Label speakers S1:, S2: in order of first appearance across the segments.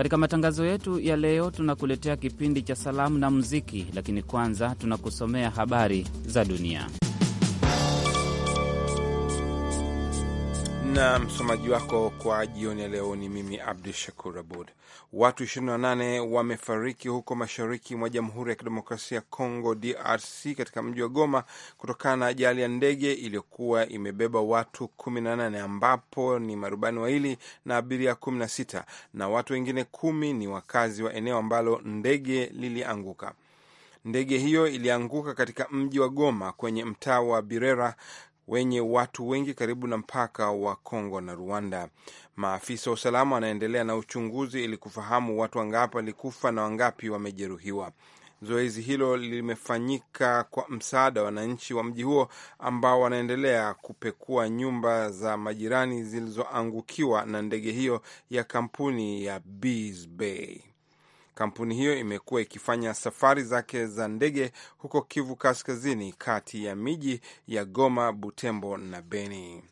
S1: Katika matangazo yetu ya leo, tunakuletea kipindi cha salamu na muziki, lakini kwanza tunakusomea
S2: habari za dunia. na msomaji wako kwa jioni ya leo ni mimi Abdu Shakur Abud. Watu 28 wamefariki huko mashariki mwa Jamhuri ya Kidemokrasia ya Kongo, DRC, katika mji wa Goma kutokana na ajali ya ndege iliyokuwa imebeba watu 18 ambapo ni marubani wawili na abiria 16 na watu wengine kumi ni wakazi wa eneo ambalo ndege lilianguka. Ndege hiyo ilianguka katika mji wa Goma kwenye mtaa wa Birera wenye watu wengi karibu na mpaka wa Kongo na Rwanda. Maafisa wa usalama wanaendelea na uchunguzi ili kufahamu watu wangapi walikufa na wangapi wamejeruhiwa. Zoezi hilo limefanyika kwa msaada wa wananchi wa mji huo ambao wanaendelea kupekua nyumba za majirani zilizoangukiwa na ndege hiyo ya kampuni ya Bees Bay. Kampuni hiyo imekuwa ikifanya safari zake za ndege huko Kivu Kaskazini, kati ya miji ya Goma, Butembo na Beni.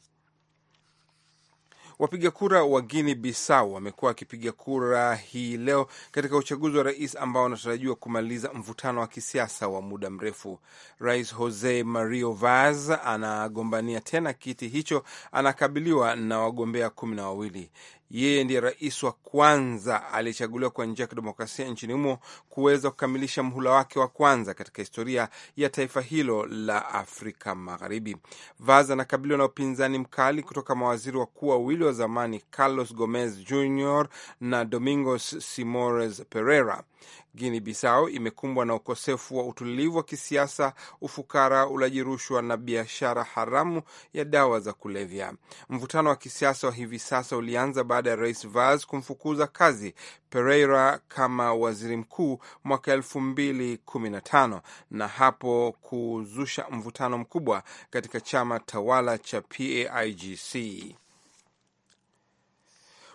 S2: Wapiga kura wa guini Bisau wamekuwa wakipiga kura hii leo katika uchaguzi wa rais ambao wanatarajiwa kumaliza mvutano wa kisiasa wa muda mrefu. Rais Jose Mario Vaz anagombania tena kiti hicho, anakabiliwa na wagombea kumi na wawili. Yeye ndiye rais wa kwanza aliyechaguliwa kwa njia ya kidemokrasia nchini humo kuweza kukamilisha mhula wake wa kwanza katika historia ya taifa hilo la Afrika Magharibi. Vaz anakabiliwa na upinzani mkali kutoka mawaziri wakuu wawili wa zamani, Carlos Gomez Jr na Domingos Simores Pereira. Guinea Bissau imekumbwa na ukosefu wa utulivu wa kisiasa, ufukara, ulaji rushwa na biashara haramu ya dawa za kulevya. Mvutano wa kisiasa wa hivi sasa ulianza baada ya rais Vaz kumfukuza kazi Pereira kama waziri mkuu mwaka elfu mbili kumi na tano na hapo kuzusha mvutano mkubwa katika chama tawala cha PAIGC.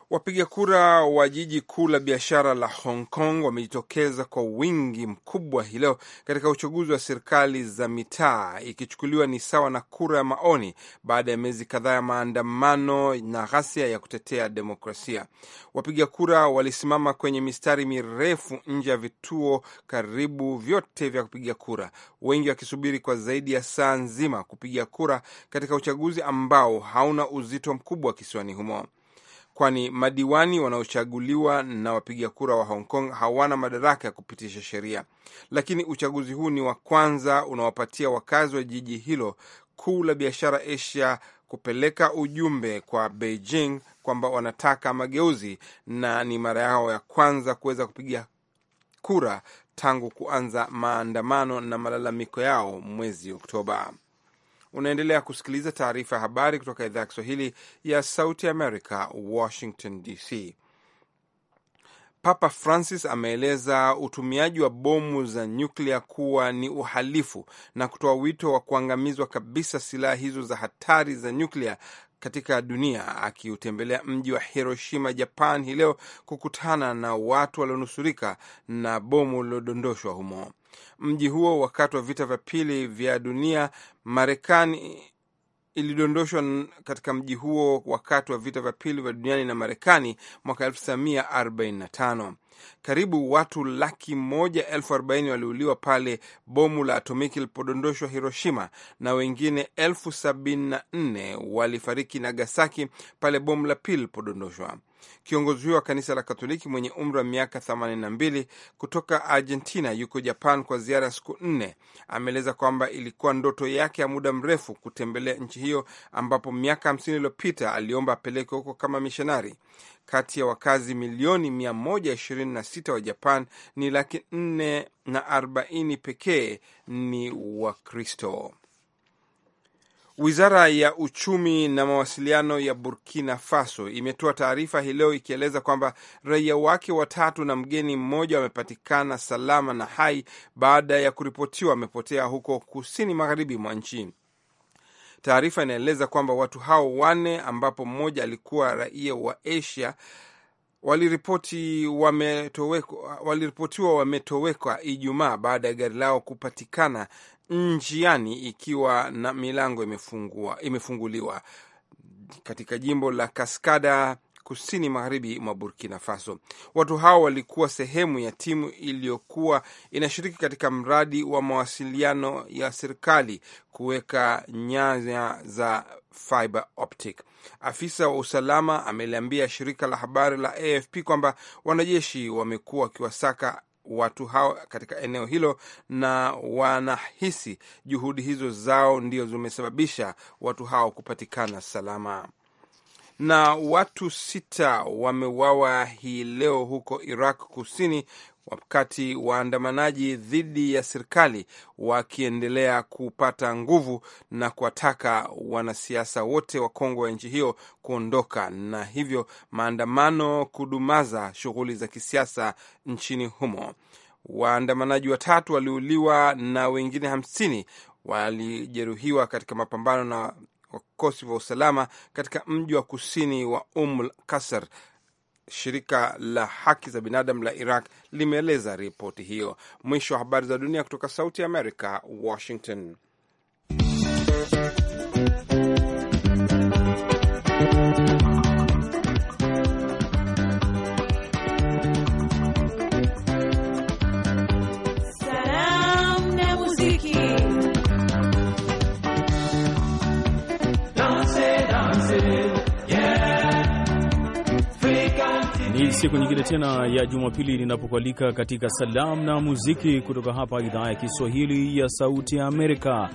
S2: Wapiga kura wa jiji kuu la biashara la Hong Kong wamejitokeza kwa wingi mkubwa hii leo katika uchaguzi wa serikali za mitaa, ikichukuliwa ni sawa na kura ya maoni baada ya miezi kadhaa ya maandamano na ghasia ya kutetea demokrasia. Wapiga kura walisimama kwenye mistari mirefu nje ya vituo karibu vyote vya kupiga kura, wengi wakisubiri kwa zaidi ya saa nzima kupiga kura katika uchaguzi ambao hauna uzito mkubwa kisiwani humo kwani madiwani wanaochaguliwa na wapiga kura wa Hong Kong hawana madaraka ya kupitisha sheria. Lakini uchaguzi huu ni wa kwanza unawapatia wakazi wa jiji hilo kuu la biashara Asia kupeleka ujumbe kwa Beijing kwamba wanataka mageuzi, na ni mara yao ya kwanza kuweza kupiga kura tangu kuanza maandamano na malalamiko yao mwezi Oktoba. Unaendelea kusikiliza taarifa ya habari kutoka idhaa ya Kiswahili ya Sauti America, Washington DC. Papa Francis ameeleza utumiaji wa bomu za nyuklia kuwa ni uhalifu na kutoa wito wa kuangamizwa kabisa silaha hizo za hatari za nyuklia katika dunia. Akiutembelea mji wa Hiroshima, Japan hii leo kukutana na watu walionusurika na bomu lililodondoshwa humo, mji huo wakati wa vita vya pili vya dunia. Marekani ilidondoshwa katika mji huo wakati wa vita vya pili vya duniani na Marekani mwaka 1945. Karibu watu laki moja elfu arobaini waliuliwa pale bomu la atomiki lilipodondoshwa Hiroshima, na wengine elfu sabini na nne walifariki Nagasaki pale bomu la pili lilipodondoshwa. Kiongozi huyo wa kanisa la Katoliki mwenye umri wa miaka 82 kutoka Argentina yuko Japan kwa ziara ya siku nne. Ameeleza kwamba ilikuwa ndoto yake ya muda mrefu kutembelea nchi hiyo, ambapo miaka 50 iliyopita aliomba apelekwe huko kama mishonari. Kati ya wakazi milioni 126 wa Japan ni laki 4 na arobaini pekee ni Wakristo. Wizara ya uchumi na mawasiliano ya Burkina Faso imetoa taarifa hii leo ikieleza kwamba raia wake watatu na mgeni mmoja wamepatikana salama na hai baada ya kuripotiwa wamepotea huko kusini magharibi mwa nchi. Taarifa inaeleza kwamba watu hao wanne, ambapo mmoja alikuwa raia wa Asia waliripotiwa wametoweka Ijumaa baada ya gari lao kupatikana njiani ikiwa na milango imefungua, imefunguliwa katika jimbo la Kaskada kusini magharibi mwa Burkina Faso. Watu hao walikuwa sehemu ya timu iliyokuwa inashiriki katika mradi wa mawasiliano ya serikali kuweka nyaya za fiber optic. Afisa wa usalama ameliambia shirika la habari la AFP kwamba wanajeshi wamekuwa wakiwasaka watu hao katika eneo hilo, na wanahisi juhudi hizo zao ndio zimesababisha watu hao kupatikana salama. Na watu sita wameuawa hii leo huko Iraq Kusini wakati waandamanaji dhidi ya serikali wakiendelea kupata nguvu na kuwataka wanasiasa wote wa kongwe wa nchi hiyo kuondoka na hivyo maandamano kudumaza shughuli za kisiasa nchini humo. Waandamanaji watatu waliuliwa na wengine hamsini walijeruhiwa katika mapambano na vikosi vya usalama katika mji wa kusini wa Umul Kasr shirika la haki za binadamu la Iraq limeeleza ripoti hiyo. Mwisho wa habari za dunia kutoka Sauti ya Amerika, Washington.
S3: Ni siku nyingine tena ya Jumapili ninapokualika katika salamu na muziki kutoka hapa idhaa ya Kiswahili ya Sauti ya Amerika.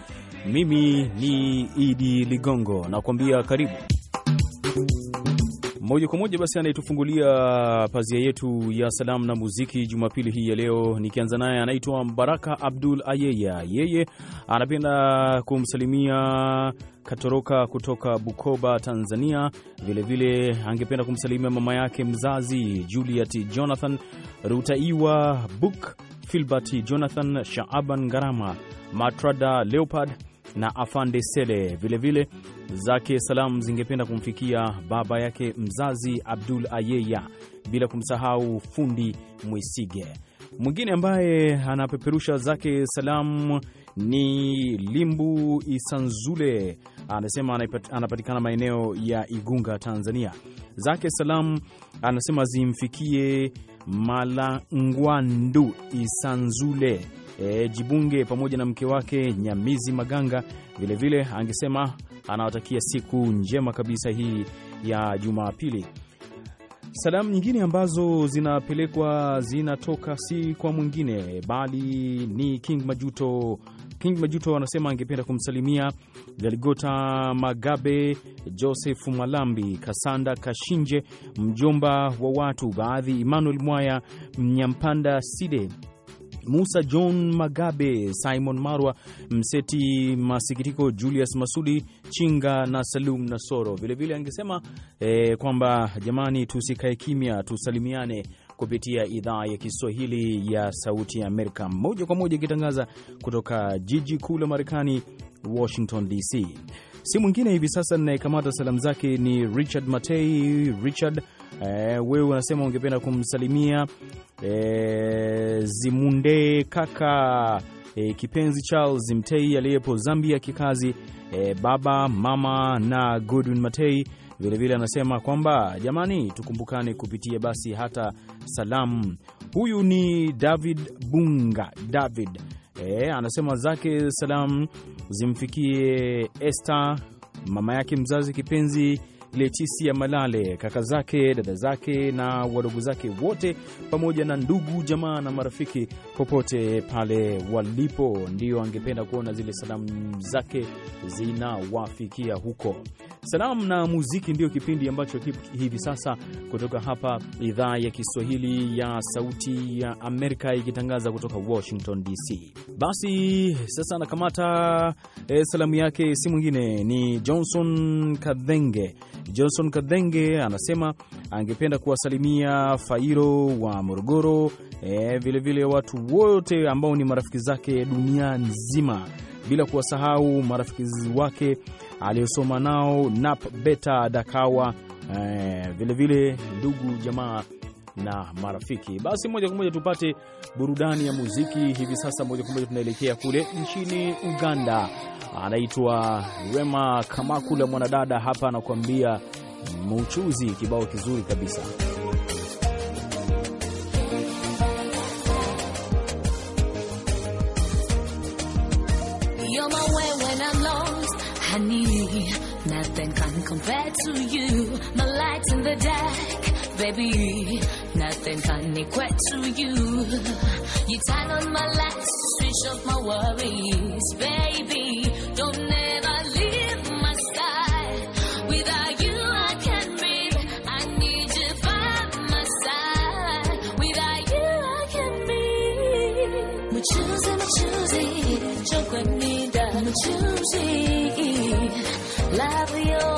S3: Mimi ni Idi Ligongo nakuambia karibu moja kwa moja basi, anayetufungulia pazia yetu ya salamu na muziki jumapili hii ya leo, nikianza naye anaitwa baraka Abdul Ayeya. Yeye anapenda kumsalimia Katoroka kutoka Bukoba, Tanzania. Vilevile vile, angependa kumsalimia mama yake mzazi Juliet Jonathan Rutaiwa, Buk Filbert Jonathan, Shaaban Ngarama, Matrada Leopard na Afande Sele. Vilevile zake salamu zingependa kumfikia baba yake mzazi Abdul Ayeya, bila kumsahau fundi Mwisige. Mwingine ambaye anapeperusha zake salamu ni Limbu Isanzule anasema anapatikana maeneo ya Igunga, Tanzania. Zake salamu anasema zimfikie Malangwandu Isanzule e, Jibunge pamoja na mke wake Nyamizi Maganga. Vilevile vile, angesema anawatakia siku njema kabisa hii ya Jumapili. Salamu nyingine ambazo zinapelekwa zinatoka si kwa mwingine bali ni King Majuto King Majuto anasema angependa kumsalimia Galigota Magabe, Joseph Malambi, Kasanda Kashinje, mjomba wa watu baadhi, Emmanuel Mwaya, Mnyampanda Side, Musa John Magabe, Simon Marwa, Mseti Masikitiko, Julius Masudi Chinga na Salum Nasoro. Vilevile angesema eh, kwamba jamani, tusikae kimya, tusalimiane kupitia idhaa ya Kiswahili ya Sauti ya Amerika, moja kwa moja ikitangaza kutoka jiji kuu la Marekani, Washington DC. Si mwingine hivi sasa ninayekamata salamu zake ni Richard Matei. Richard, eh, wewe unasema ungependa kumsalimia eh, Zimunde kaka E, kipenzi Charles Mtei aliyepo Zambia kikazi, e, baba mama na Godwin Matei Vilevile anasema kwamba jamani, tukumbukane kupitia basi hata salamu. Huyu ni David Bunga David e, anasema zake salamu zimfikie Esther mama yake mzazi kipenzi Letisia Malale, kaka zake, dada zake na wadogo zake wote, pamoja na ndugu jamaa na marafiki popote pale walipo, ndio angependa kuona zile salamu zake zinawafikia huko. Salamu na muziki ndio kipindi ambacho hivi sasa kutoka hapa idhaa ya Kiswahili ya Sauti ya Amerika ikitangaza kutoka Washington DC. Basi sasa anakamata e, eh, salamu yake si mwingine ni Johnson Kadhenge Johnson Kadhenge anasema angependa kuwasalimia Fairo wa Morogoro, vilevile vile watu wote ambao ni marafiki zake dunia nzima, bila kuwasahau marafiki wake aliyosoma nao nap beta Dakawa, vilevile vile ndugu jamaa na marafiki. Basi moja kwa moja tupate burudani ya muziki hivi sasa. Moja kwa moja tunaelekea kule nchini Uganda, anaitwa Rema Kamakula, mwanadada hapa anakuambia Muchuzi, kibao kizuri kabisa.
S4: nothing can compare to you. My light in the dark, baby. spend tiny quite to you. You turn on my lights, switch off my worries, baby. Don't ever leave my side. Without you, I can't breathe. I need you by my side. Without you, I can't breathe. My choosy, my choosy, chocolate me that. My choosy, love you.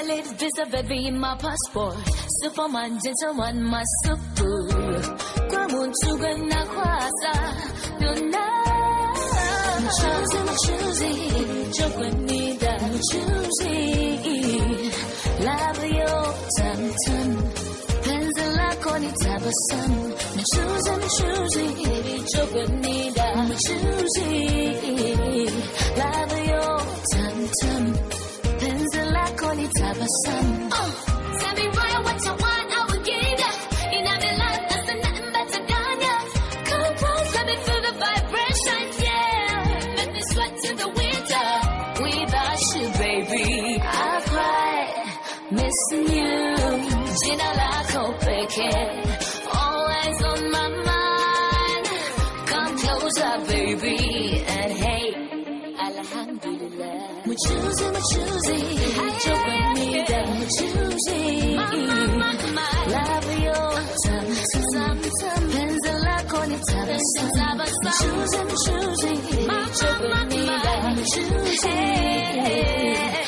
S4: Colored visibly in my passport. Superman, gentleman, masupu. Kwa muntuga na kwasa. Nuna. Mchuzi, mchuzi. Chokwe nida. choosing. Love yo, tam tam. I'm choosing, tabasamu. Mchuzi, mchuzi. Chokwe nida. choosing. Love you, tam tam type of sun. Oh, uh, tell me right what you want, I will give ya. In every life, there's nothing better than ya. Come close, let me feel the vibration, yeah. Make me sweat till the winter. Without you, baby, I cry, missing you. Jina lako pekee, always on my mind. Come closer, baby, and choosing, my choosing. Joke with me that I'm choosing. Labiota, Santa, Penzela, Conita, Santa, choosing, choosing. my, my, me that I'm choosing.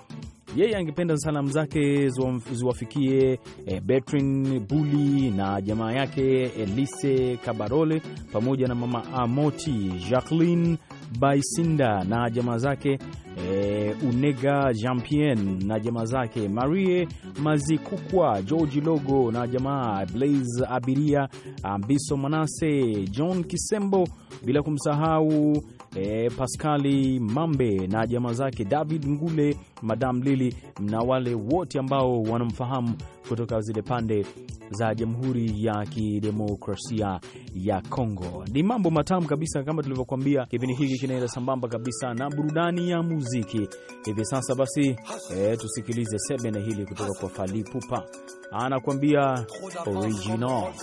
S3: yeye angependa salamu zake ziwafikie e, eh, Betrin Buli na jamaa yake Elise Kabarole pamoja na mama Amoti Jacqueline Baisinda na jamaa zake e, Unega Jampien na jamaa zake Marie Mazikukwa, George Logo na jamaa Blaze Abiria Ambiso Manase John Kisembo, bila kumsahau e, Paskali Mambe na jamaa zake David Ngule, Madam Lili na wale wote ambao wanamfahamu kutoka zile pande za Jamhuri ya Kidemokrasia ya Kongo. Ni mambo matamu kabisa, kama tulivyokuambia, kipindi hiki kinaenda sambamba kabisa na burudani ya muziki hivi sasa. Basi e, tusikilize sebene hili kutoka kwa falipupa anakuambia original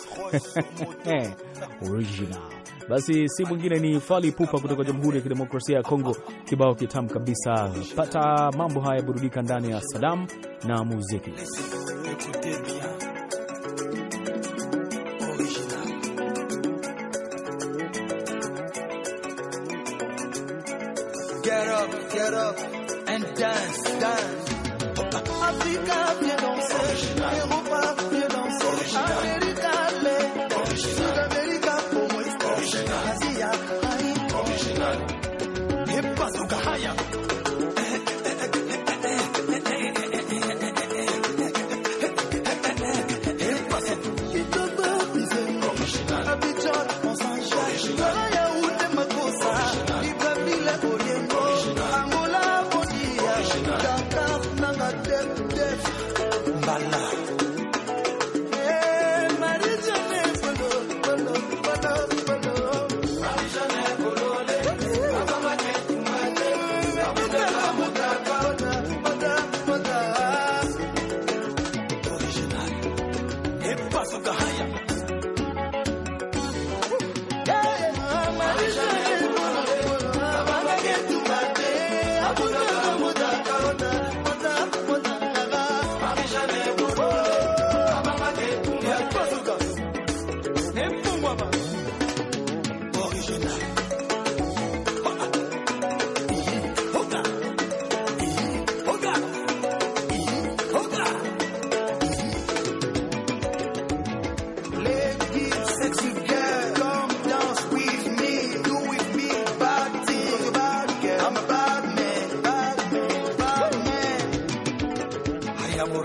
S3: original basi si mwingine ni fali pupa kutoka Jamhuri ya Kidemokrasia ya Kongo, kibao kitamu kabisa. Pata mambo haya, burudika ndani ya Salam na muziki. amor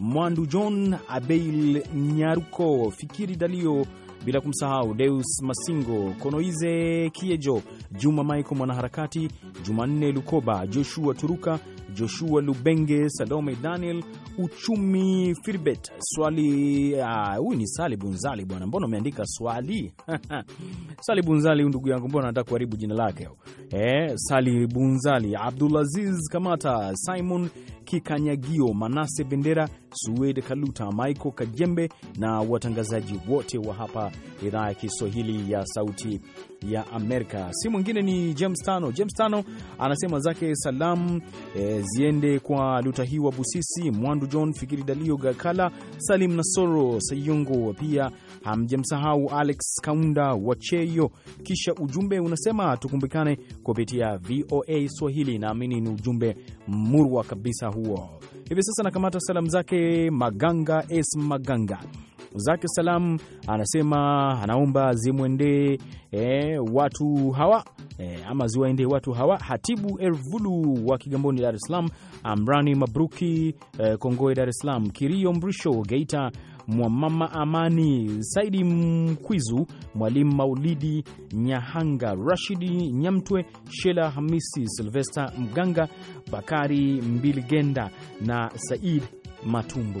S3: Mwandu John Abeil Nyaruko, Fikiri Dalio, bila kumsahau Deus Masingo, Konoize Kiejo, Juma Maiko mwanaharakati, Jumanne Lukoba, Joshua Turuka, Joshua Lubenge, Salome Daniel Uchumi, Firbet Swali. Ah, huyu uh, ni Sali Bunzali bwana, mbona umeandika swali? Sali Bunzali, ndugu yangu, mbona nataka kuharibu jina lake eh? Sali Bunzali, Abdulaziz Kamata, Simon Miki Kanyagio, Manase Bendera, Suwed Kaluta, Maiko Kajembe na watangazaji wote wa hapa idhaa ya Kiswahili ya Sauti ya Amerika. Si mwingine ni James Tano. James Tano anasema zake salamu e, ziende kwa Luta Lutahiwa Busisi, Mwandu John, Fikiri Dalio, Gakala Salim Nasoro Sayungo, pia hamjemsahau Alex Kaunda Wacheyo. Kisha ujumbe unasema tukumbikane kupitia VOA Swahili. Naamini ni ujumbe murwa kabisa huo. Hivi sasa nakamata salamu zake Maganga S Maganga zake salamu, anasema anaomba zimwendee eh, watu hawa e, ama ziwaendee watu hawa: Hatibu Elvulu wa Kigamboni Dar es Salaam, Amrani Mabruki e, Kongoe Dar es Salaam, Kirio Mrisho Geita Mwamama Amani Saidi, Mkwizu Mwalimu Maulidi Nyahanga, Rashidi Nyamtwe, Shela Hamisi, Silvesta Mganga, Bakari Mbiligenda na Said Matumbu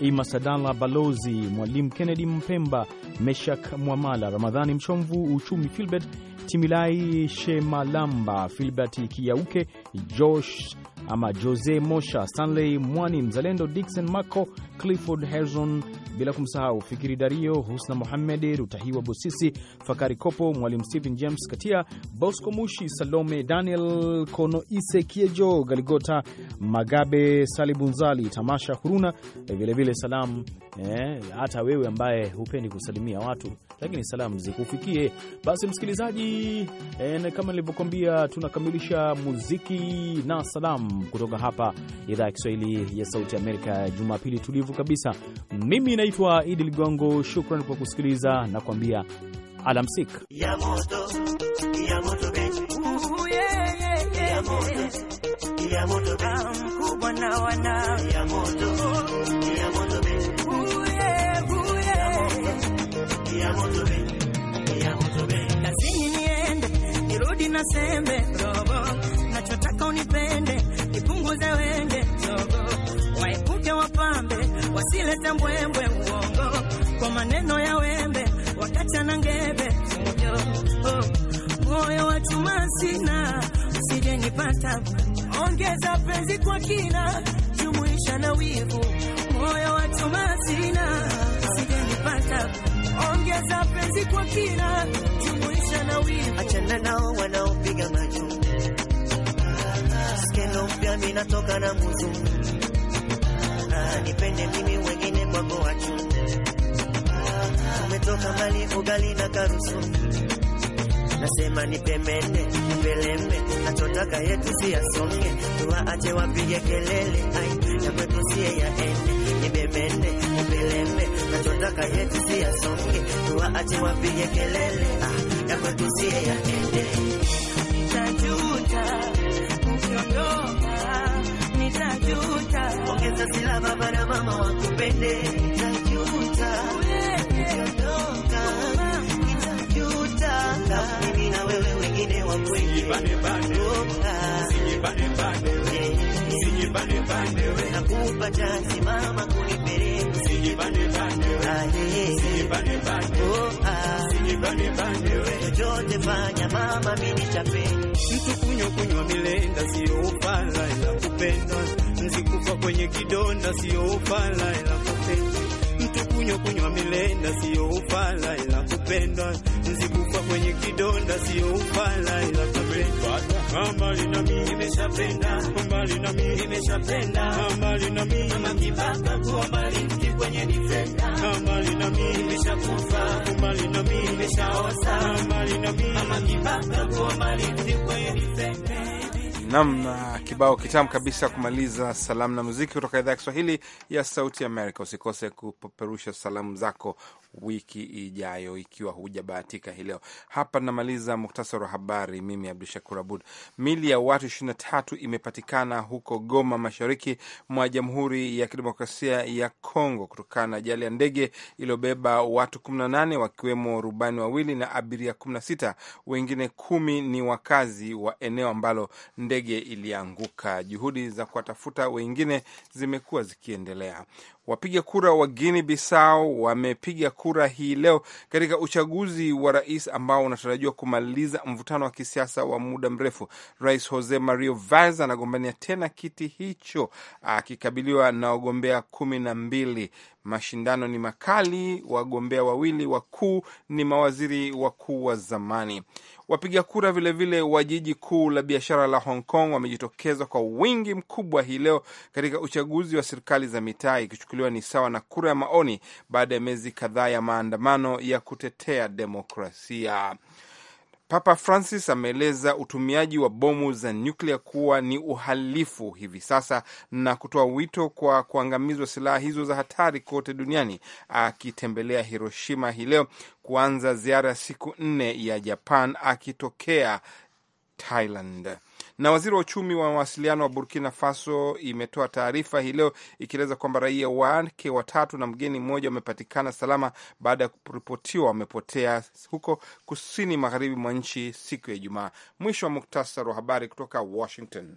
S3: Ima Sadala, Balozi Mwalimu Kennedy Mpemba, Meshak Mwamala, Ramadhani Mchomvu, Uchumi Filbert Timilai, Shemalamba Filbert Kiauke, Josh ama Jose Mosha, Stanley Mwani, Mzalendo Dixon maco Clifford Herzon bila kumsahau Fikiri Dario, Husna Mohamed, Rutahiwa Bosisi, Fakari Kopo, Mwalimu Stephen James Katia, Bosco Mushi, Salome Daniel Konoise, Kiejo Galigota, Magabe Salibunzali, Tamasha Huruna, vilevile salamu eh, hata eh, wewe ambaye hupendi kusalimia watu lakini salamu zikufikie. Basi msikilizaji, eh, na kama nilivyokuambia, tunakamilisha muziki na salamu kutoka hapa idhaa ya Kiswahili ya Sauti Amerika, Jumapili tulivu kabisa. Mimi naitwa Idi Ligongo, shukran kwa kusikiliza na kuambia alamsik
S5: ya moto, ya na robo, nachotaka unipende, nipunguze wende zogo, waepuke wapambe, wasilete mbwembwe uongo, kwa maneno ya wembe wakachana ngebe fujo, oh, moyo wa chuma sina, usije nipata, ongeza penzi kwa kina, jumuisha na wivu, moyo wa chuma sina, usije nipata, ongeza penzi kwa kina Achana wivu, achana nao wanaopiga majuu. Skendo mpya minatoka na muzu na ah, nipende mimi wengine kwako wachu. Umetoka mbali ugali na karusu, nasema nipemene nipeleme, nachotaka yetu si yasonge, tuwaache wapige kelele, ai ya kwetu siye yaende Nibebene, nipeleme, nachotaka yetu si yasonge, tuwaache wapige kelele ah na kwetu sie yaende. Nitajuta ukiondoka, nitajuta. Ongeza mama wakupende. Nitajuta ukiondoka, nitajuta. Mimi na wewe wengine wakwende, nakupa bane bane we chochote fanya mama mimi nichape mtu kunywa kunywa milenda sio ufala ila kupenda mzikufa kwenye kidonda sio ufala ila kupenda mtu kunywa kunywa milenda sio ufala ila kupenda mzikufa kwenye kidonda sio ufala ila kupenda mama lina mimi nimeshapenda mama lina mimi nimeshapenda mama lina mimi mama kibaka kuwa mali kwenye defender, mbali na mimi nimeshakufa, mbali na mimi nimeshaosa, mbali na mimi mama kibaka kwa mbali kwenye defender
S2: namna kibao kitamu kabisa kumaliza salamu na muziki kutoka idhaa ya Kiswahili ya Sauti Amerika. Usikose kupeperusha salamu zako wiki ijayo ikiwa hujabahatika hii leo. Hapa namaliza muktasari wa habari. Mimi Abdu Shakur Abud. Mili ya watu 23 imepatikana huko Goma, mashariki mwa Jamhuri ya Kidemokrasia ya Kongo kutokana na ajali ya ndege iliyobeba watu 18 wakiwemo rubani wawili na abiria 16. Wengine kumi ni wakazi wa eneo ambalo ndege ndege ilianguka. Juhudi za kuwatafuta wengine zimekuwa zikiendelea. Wapiga kura wa Guinea Bissau wamepiga kura hii leo katika uchaguzi wa rais ambao unatarajiwa kumaliza mvutano wa kisiasa wa muda mrefu. Rais Jose Mario Vaz anagombania tena kiti hicho akikabiliwa na wagombea kumi na mbili. Mashindano ni makali, wagombea wawili wakuu ni mawaziri wakuu wa zamani. Wapiga kura vilevile wa jiji kuu la biashara la Hong Kong wamejitokeza kwa wingi mkubwa hii leo katika uchaguzi wa serikali za mitaa kuchukuliwa ni sawa na kura ya maoni baada ya miezi kadhaa ya maandamano ya kutetea demokrasia. Papa Francis ameeleza utumiaji wa bomu za nyuklia kuwa ni uhalifu hivi sasa na kutoa wito kwa kuangamizwa silaha hizo za hatari kote duniani, akitembelea Hiroshima hii leo kuanza ziara ya siku nne ya Japan akitokea Thailand. Na waziri wa uchumi wa mawasiliano wa Burkina Faso imetoa taarifa hii leo ikieleza kwamba raia wake watatu na mgeni mmoja wamepatikana salama baada ya kuripotiwa wamepotea huko kusini magharibi mwa nchi siku ya Ijumaa. Mwisho wa muktasari wa habari kutoka Washington.